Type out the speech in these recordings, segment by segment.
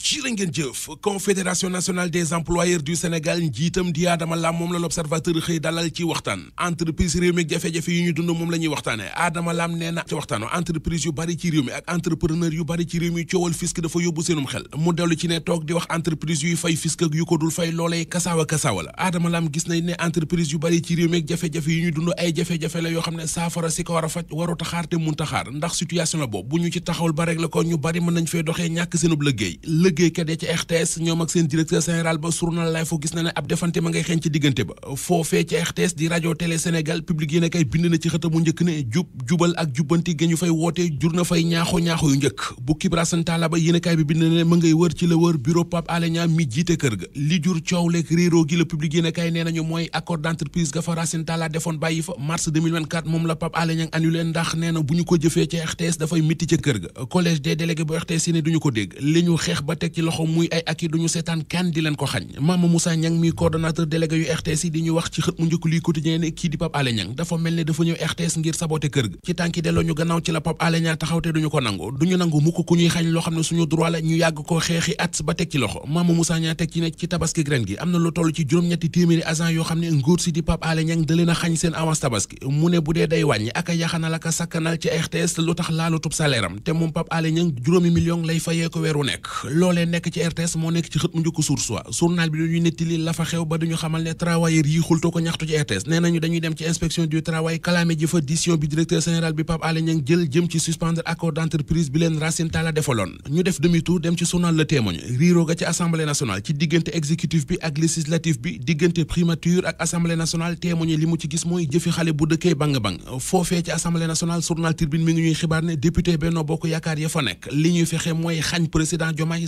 ci jërë ngeen jëf confédération nationale des employeurs du Sénégal njiitam di Adama moom la l'observateur xëy dalal ci waxtaan entreprise réew mi ak jafe-jafe yu ñu dund moom la ñuy waxtaane Adama Lam nee na ci waxtaano entreprise yu bari ci réew ak entrepreneur yu bari ci réew mi coowal fisc dafa yóbbu seenum xel mu dellu ci ne toog di wax entreprise yuy fay fisc ak yu ko dul fay loolee kasaawa kasaawa la Adama Lam gis nañ ne entreprise yu bari ci réew mi ak jafe-jafe yu ñu dund ay jafe-jafe la yoo xam ne saafara si ko war a faj waru taxaar te mun taxaar ndax situation la boobu bu ñu ci taxawul ba rek la ko ñu bari mën nañ fay doxe ñàkk seenub liggéey liggéeykat ya ci RTS ñoom ak seen directeur général ba journal lay foo gis na ne ab defante ma ngay xeeñ ci diggante ba foofee ci RTS di rajo télé Sénégal public yéen a bi bind nañu mooy accord d'entreprise ga fa Racine defoon bàyyi fa mars moom la Pape Alé Niang annulé ndax nee bu ñu ko jëfee ci RTS dafay mitti ca kër ga collège des délégués bu RTS yi ne duñu ko dégg li xeex ba teg ci loxo muy ay ak yi duñu seetaan kan di leen ko xañ Mame Moussa Niang mi coordonnateur délégué yu RTS yi di ñu wax ci xët mu njëkk luy quotidien ne kii di Pape Alé Niang dafa mel ne dafa ñëw RTS ngir saboté kër ga ci tànki delloo ñu gannaaw ci la Pape Alé Niang taxaw te duñu ko nangu duñu nangu mukk ku ñuy xañ loo xam ne suñu droit la ñu yàgg ko xeexi at ba teg ci loxo Mame Moussa Niang teg ci ne ci tabaski ren gi am na lu toll ci juróom-ñetti téeméeri yoo xam ne ngóor si di Pape Alé Niang a xañ seen avance tabaski mu ne bu dee day wàññi ak a yaxanal ak a sakkanal RTS lu tax laalu tub te moom Pape Alé Niang juróomi million lay fayee ko weeru nekk loolee nekk ci RTS moo nekk ci xët mu njëkk source wa bi dañuy nettali la fa xew ba dañu xamal ne travailleurs yi xultoo ñaxtu ci RTS nee dañuy dem ci inspection du travail kalaame ji fa bi directeur général bi Pape Alé jël jëm ci suspendre accord d'entreprise bi leen Racine Talla defaloon ñu def demi dem ci journal Le Témoin riiroo ci assemblée nationale ci diggante exécutif bi ak législatif bi diggante primature ak assemblée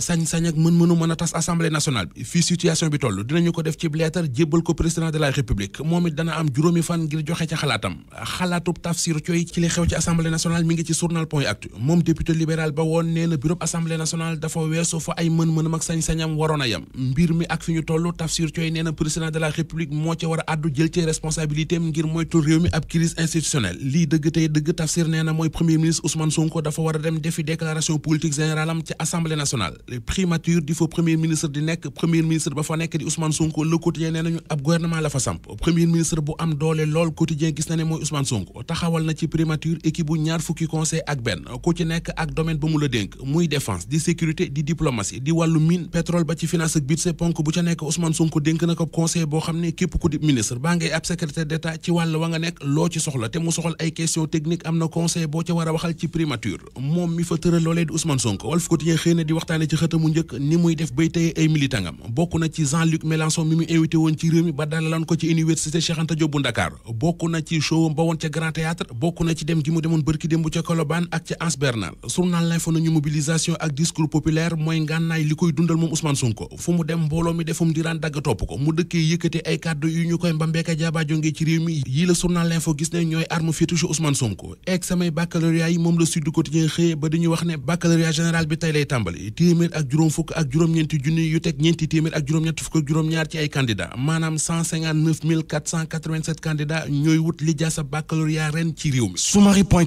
sañ-sañ ak mën-mënu mën a tas assemblée nationale bi fii situation bi toll dinañu ko def ci lettre jébbal ko président de la république moom it dana am juróomi fan ngir joxe ca xalaatam xalaatub Tafsir Thioye ci li xew ci assemblée nationale mi ngi ci journal point actu moom député libéral ba woon nee na bureau assemblée nationale dafa weesu fa ay mën-mënam ak sañ-sañam waroon a yem mbir mi ak fi ñu toll Tafsir Thioye nee na président de la république moo ci war a lii dëgg tey dëgg Tafsir nee na mooy premier war a dem defi déclaration politique générale am ci primature di fa premier ministre di fa nekk di Ousmane Sonko le quotidien nee nañu am na ne boo ca war a waxal ci primature moom mi fa tëral loolee di Ousmane Sonko Walf Quotidien xëy na di waxtaane ci xëtamu njëkk ni muy def bay teye ay militangam bokk na ci Jean-Luc Mélenchon mi mu invité woon ci réew mi ba dalalan ko ci université Cheikh Anta Diop bokk na ci showam ba woon ca Grand Théâtre bokk na ci dem ji mu demoon bërki démb ca Colobane ak ca Anse Bernal nañu mobilisation ak discours populaire mooy ngànnaay li koy dundal moom Ousmane Sonko fu mu dem mbooloo mi defum diraan dagg topp ko mu dëkkee yëkkate ay kàddu yu ñu koy mbambeeka bi ak juróom fukk ak juróom-ñeenti junni yu teg ñeenti téeméer ak juróom-ñett fukk ak juróom-ñaar ci ay candidat maanaam 159 487 candidats ñooy wut li jaasa baccalauréat ren ci réew mi. sumari point